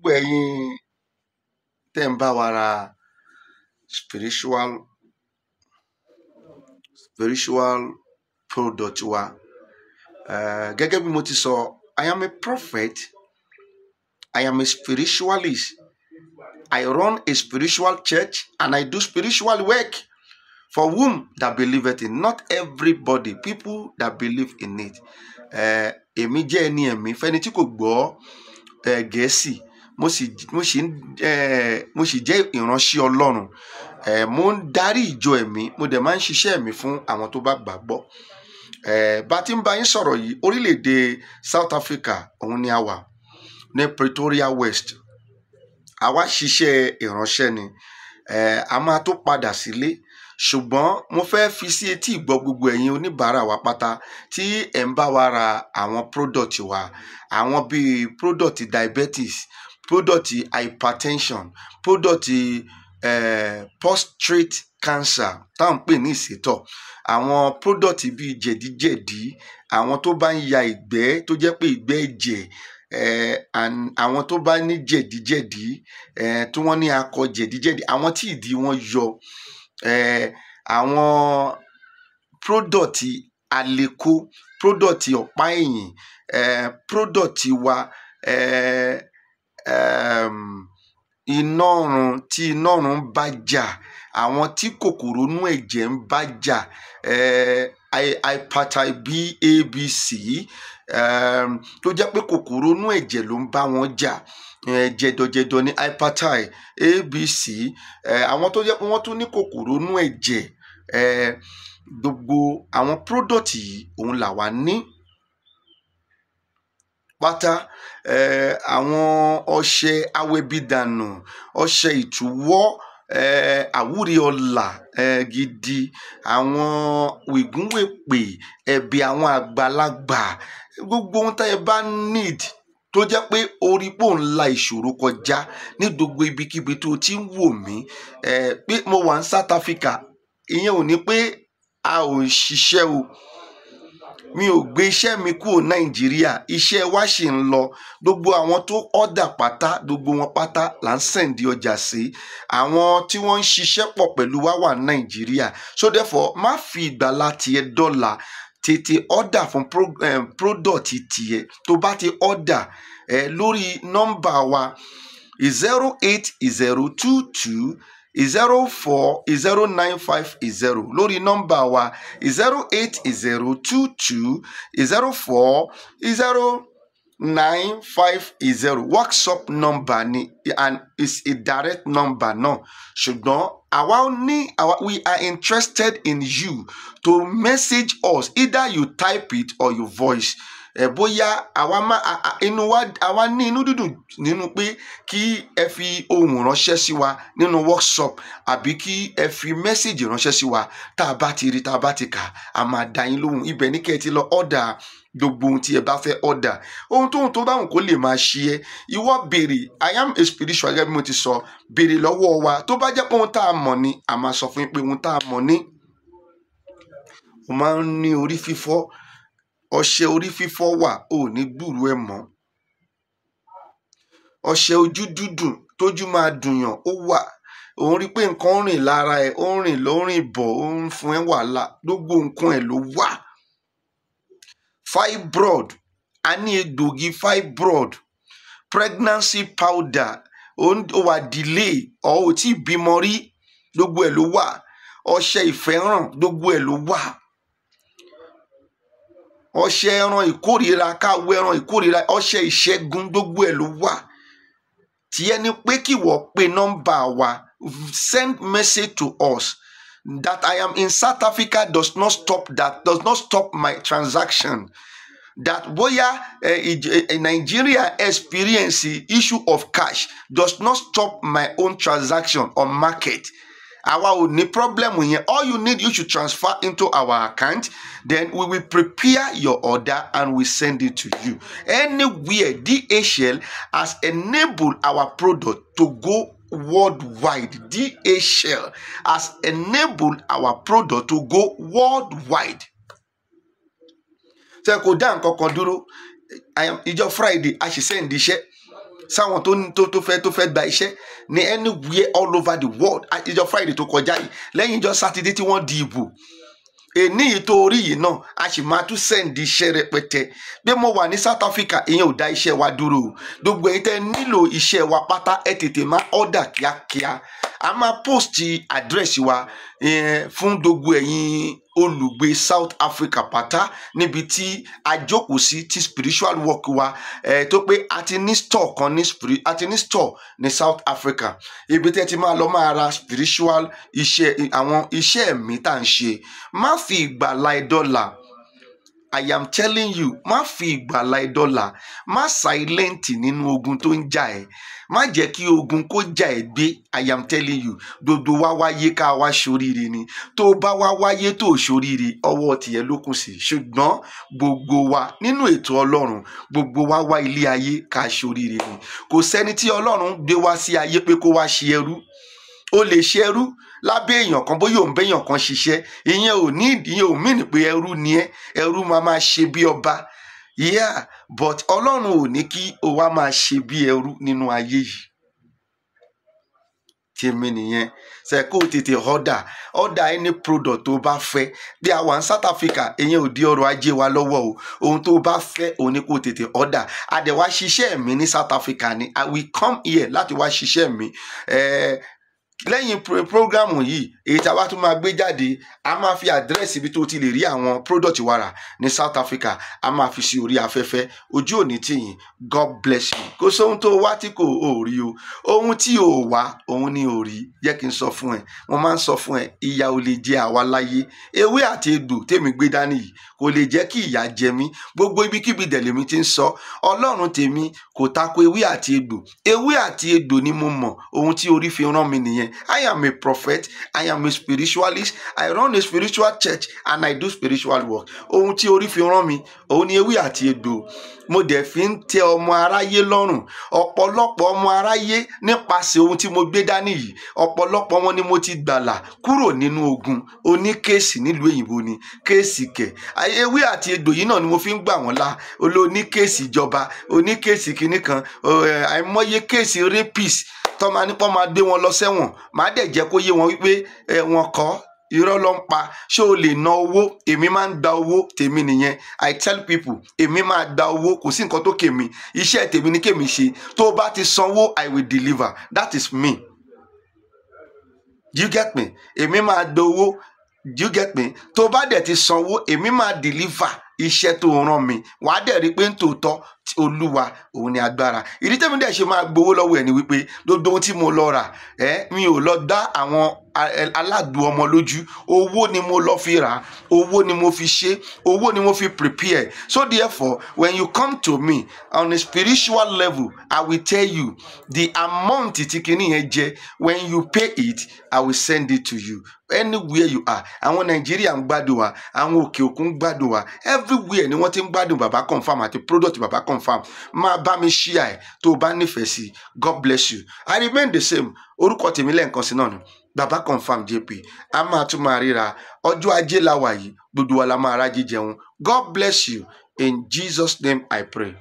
gbogbo ẹ̀yin tẹ́ ń bá wa ra spiritual spiritual product wa uh, gẹ́gẹ́ bí mo ti sọ I am a prophet I am a spiritualist I run a spiritual church and I do spiritual work for whom that believeth in not everybody people that believe in it eh, èmi jẹ́ ẹni ẹ̀mí fẹ́ni tí kò gbọ́ eh, Gẹ̀ẹ́sì. Uh, mo sì mo sì ń mo sì jẹ́ ìránṣẹ́ Ọlọ́run mo ń darí ìjọ ẹ̀mí mo dẹ̀ máa ń ṣiṣẹ́ ẹ̀mí fún àwọn tó bá gbàgbọ́ bá ti ń bá yín sọ̀rọ̀ yìí orílẹ̀ South Africa òun ni a wà ní Pretoria West àwa ṣiṣẹ́ ìránṣẹ́ ni a máa tó padà sílé ṣùgbọ́n mo fẹ́ fi sí etí ìgbọ́ gbogbo ẹ̀yin oníbàárà wa pátá tí ẹ̀ ń bá wa ra àwọn product wa àwọn bíi product diabetes product hypertension product eh, prostate cancer tá à ń pè ní ìsétọ̀ àwọn product bíi jẹ̀díjẹ̀dí àwọn tó bá ń ya ìgbẹ́ tó jẹ́ pé ìgbẹ́ ẹ̀jẹ̀ eh, àwọn tó bá ní jẹ̀díjẹ̀dí eh, tí wọ́n ní akọ jẹ̀díjẹ̀dí àwọn tí ìdí wọn yọ eh, àwọn pródọ̀tì àlékó pródọ̀tì ọ̀pá ẹ̀yìn pródọ̀tì wa. Eh, um iná ọ̀run tí iná ọ̀run bá jà àwọn tí kòkòrò inú ẹ̀jẹ̀ ń bá jà hepatitis eh, B c. um, tó jẹ́ pé kòkòrò inú ẹ̀jẹ̀ ló ń bá wọn jà eh, jẹ̀dọ̀jẹ̀dọ̀ ní hepatitis ABC eh, àwọn tó jẹ́ pé wọ́n tún ní kòkòrò inú ẹ̀jẹ̀ gbogbo àwọn product yìí òun làwa ní pátá àwọn ọṣẹ awebidànù ọṣẹ ìtúwọ́ àwúre ọlà gidi àwọn wìgúnwèpè ẹ̀bẹ̀ àwọn àgbàlagbà gbogbo ohun tá ẹ bá need tó jẹ́ pé orí pò ń la ìṣòro kọjá ní gbogbo ibikíbi tó ti ń wò mí pé mo wà ní South Africa ìyẹn ò ní pé a ò ń ṣiṣẹ́ o mi ò gbé iṣẹ́ mi kúrò nàìjíríà iṣẹ́ wa ṣì ń lọ gbogbo àwọn tó ọ̀dà pátá gbogbo wọn pátá là ń sẹ̀ǹdì ọjà sí àwọn tí wọ́n ń ṣiṣẹ́ pọ̀ pẹ̀lú wa wà nàìjíríà so therefore má fi ìgbàlá tiẹ̀ dọ́là tètè ọ̀dà fún eh, product tiẹ̀ tó bá ti ọ̀dà eh, lórí nọ́mbà wa zero eight zero two two zero four zero nine five zero lórí nọ́mbà wa zero eight zero two two zero four zero nine five zero workshop number ni and is a direct number náà ṣùgbọ́n àwa ní àwa we are interested in you to message us either you type it or you voice ẹ bóyá àwa má inú wa àwa ní inú dídùn nínú pé kí ẹ fi ohùn ránṣẹ́ sí wa nínú workshop àbí kí ẹ fi mẹ́sẹ̀gì ránṣẹ́ sí wa tá a bá ti rí tá a bá ti kà á máa dá yín lóhùn ibẹ̀ ní kẹ́ ẹ ti lọ ọ̀dà gbogbo ohun tí ẹ bá fẹ́ ọ̀dà ohun tóhun tó bá wù kó lè máa ṣe ẹ ìwọ béèrè i am a spiritual gẹ́gẹ́ bí mo ti sọ béèrè lọ́wọ́ wa tó bá jẹ́ pé ohun tá a mọ̀ ni a máa sọ fún yín pé ohun tá a mọ̀ ni ó máa ń ní orí fífọ́ ọṣẹ orí fífọ́ wà ò ní gbúrú ẹ̀ mọ́ ọṣẹ ojú dúdùn tójú máa dùnyàn ó wà òun rí pé nǹkan ń rìn lára ẹ ó ń rìn ló ń rìn bọ̀ ó ń fún ẹ wàhálà gbogbo nǹkan ẹ ló wà. fibroid a ní egbògi fibroid pregnancy powder ó wà delay ọ̀ ò tí ì bímọ rí gbogbo ẹ̀ ló wà ọṣẹ ìfẹ́ràn gbogbo ẹ̀ ló wà ọṣẹ ẹran ìkórìíra káwọ ẹran ìkórìíra ọṣẹ ìṣẹ́gun gbogbo ẹ̀ ló wà tiẹ̀ ni pé kíwọ pé nọ́mbà wa send message to us that I am in South Africa does not stop that does not stop my transaction that boya uh, eh, eh, Nigeria experience issue of cash does not stop my own transaction on market àwa ò ní problem yẹn all you need you should transfer into our account then we will prepare your order and we send it to you anywhere DHL has enabled our product to go worldwide DHL has enabled our product to go worldwide ṣe kò dá nǹkan kan dúró ìjọ Friday a sì send iṣẹ́ sáwọn tó tó tó fẹ́ tó fẹ́ gba iṣẹ́ ní anywhere all over the world àtijọ́ friday tó kọjá yìí lẹ́yìn ìjọ sátidé tí wọ́n di ìbò èní yìí tó orí yìí náà a sì máa tún sẹ́ǹdì iṣẹ́ rẹpẹtẹ bí mo wà ní South Africa ìyẹn ò dá iṣẹ́ wa dúró gbogbo ẹ̀yin tẹ́ nílò iṣẹ́ wa pátá ẹ tètè máa ọ́dà kíákíá a máa post àdírẹ́sì wa fún gbogbo ẹ̀yin olùgbé South Africa pátá níbi tí a jókòó sí ti spiritual work wa eh, tó pé a ti ní store kan ní spirit a ti ní store ní South Africa ibi tẹ́ ti máa lọ máa ra spiritual iṣẹ́ àwọn iṣẹ́ ẹ̀mí tá à ń ṣe má fi ìgbàlá ìdọ́là I am telling you má fi ìgbàlà ìdọ́là má silenti nínú ogun tó ń jà ẹ́ má jẹ́ kí ogun kó jà ẹ́ gbé I am telling you gbogbo wá wáyé ká wá ṣoríire ni tó bá wá wáyé tó ṣoríire ọwọ́ tìyẹ ló kù sí ṣùgbọ́n gbogbo wa nínú ètò ọlọ́run gbogbo wá wá ilé ayé ká ṣoríire ni kò sẹ́ni tí ọlọ́run gbé wá sí ayé pé kó wá ṣe ẹrú o lè ṣe ẹrú lábẹ́ èèyàn kan bóyá òun bẹ́yàn kan ṣiṣẹ́ ìyẹn ò ní ìyẹn ò mí ní pé ẹrú ni ẹ ẹrú máa máa ṣe bí ọba yeah but ọlọ́run ò ní kí o wá máa ṣe bí ẹrú nínú ayé yìí tèmi nìyẹn ṣe kó o tètè ọ̀dà ọ̀dà any product tó bá fẹ́ bí àwa ní South Africa ìyẹn ò di ọrọ̀ ajé wa lọ́wọ́ o ohun tó o bá fẹ́ òun ni kó o tètè ọ̀dà àdẹ̀wá ṣiṣẹ́ mi ní South Africa ni I will come here láti wá ṣiṣẹ́ mi eh, lẹ́yìn programu yìí èyí tá a wá tún máa gbé jáde a máa fi àdírẹ́sì ibi tó ti lè rí àwọn product wa rà ní South Africa a máa fi sí orí afẹ́fẹ́ ojú òní tìyìn God bless you kò sóhun tó wá tí kò ò rí o ohun tí ò wá òun ni ò rí yẹ kí n sọ fún ẹ mo máa ń sọ fún ẹ ìyà ò lè jẹ àwa láyé ewé àti egbò tèmi gbé dání yìí kò lè jẹ́ kí ìyà jẹ mí gbogbo ibikíbi dẹ̀lẹ́mi ti ń sọ ọlọ́run tèmi kò tako ewé àti egbò ewé àti egbò ni mo mọ̀ ohun tí orí fi rán mi nìyẹn I am a prophet. I am a spiritualist. I run a spiritual church and I do spiritual work. Ohun tí orí fi rán mi, òun ni ewé àti egbò. Mo dẹ̀ fi ń tẹ ọmọ aráyé lọ́rùn. Ọ̀pọ̀lọpọ̀ ọmọ aráyé nípasẹ̀ ohun tí mo gbé dání yìí. Ọ̀pọ̀lọpọ̀ wọn ni mo ti gbàlà kúrò nínú ogun. Oní kéèsì nílùú òyìnbó ni. Kéèsì kẹ̀. Ewé àti egbò yìí náà ni mo fi ń gbà wọ́n lá. Olóní kéèsì ìjọba, oní kéèsì kìnnìkan, àìmọye kéèsì rapist tó máa máa gbé wọn lọ sẹ́wọ̀n màá dẹ̀ jẹ́ kó yé wọn wípé wọn kọ́ irọ́ ló ń pa ṣé o lè na owó èmi máa ń gba owó tèmi nìyẹn i tell people èmi máa gba owó kò sí nǹkan tó kèmi iṣẹ́ tèmi ni kèmi ṣe tó o bá ti sanwó i will deliver that is me you get me èmi máa gba owó you get me tó o bá dẹ̀ ti sanwó èmi máa deliver iṣẹ́ tó ràn mí wàá dẹ̀ rí pé ń tòótọ́ olúwa òun ni agbára ìdí tẹ́mi dẹ̀ ṣe máa gbowó lọ́wọ́ ẹ̀ ni wípé gbogbo ohun tí mo lọ rà ẹ́ mi ò lọ dá àwọn aládùn ọmọ lójú owó ni mo lọ fi rà owó ni mo fi ṣe owó ni mo fi prepare so therefore when you come to me on a spiritual level i will tell you the amount tí kinní yẹn jẹ when you pay it i will send it to you anywhere you are àwọn nàìjíríà ń gbádùn wa àwọn òkè òkun ń gbádùn wa everywhere ni wọ́n ti ń gbádùn baba confam àti product baba confam máa bá mi ṣíà ẹ̀ tó o bá nífẹ̀ẹ́ sí god bless you i remain the same orúkọ tèmi lẹ́ẹ̀kan sí náà ni bàbá confam jp a máa tún máa ríra ọjọ́ ajé la wà yìí gbogbo wa la máa rájí jẹun god bless you in jesus name i pray.